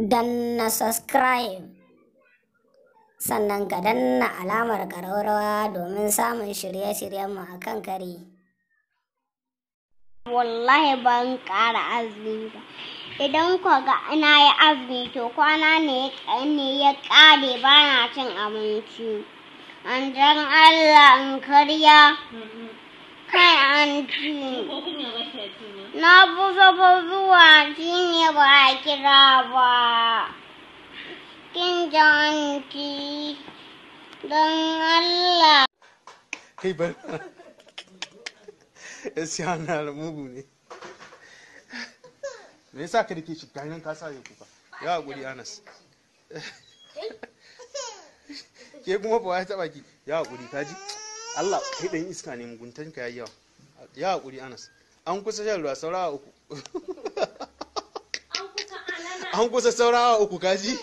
Dan na subscribe sannan ka danna alamar ƙararrawa domin samun shirye-shiryenmu a kan kare wallahi ban ƙara azumi ba idan ku ga na yi azumi to kwana ne ya ƙare ba na cin abinci an jan allah in karya kai an ci Na busa ba zuwa shine ba a kira ba. Kin janki don Allah. Kai bar. Gaskiya na mugu ne. Me yasa ka dake shi ganin ka sa kuka? Ya hakuri Anas. Ke kuma ba ya taba ki. Ya hakuri kaji. Allah kai dan iska ne muguntanka yayi yawa. Ya hakuri Anas. an kusa shan ruwa saurawa uku an kusa saurawa uku kaji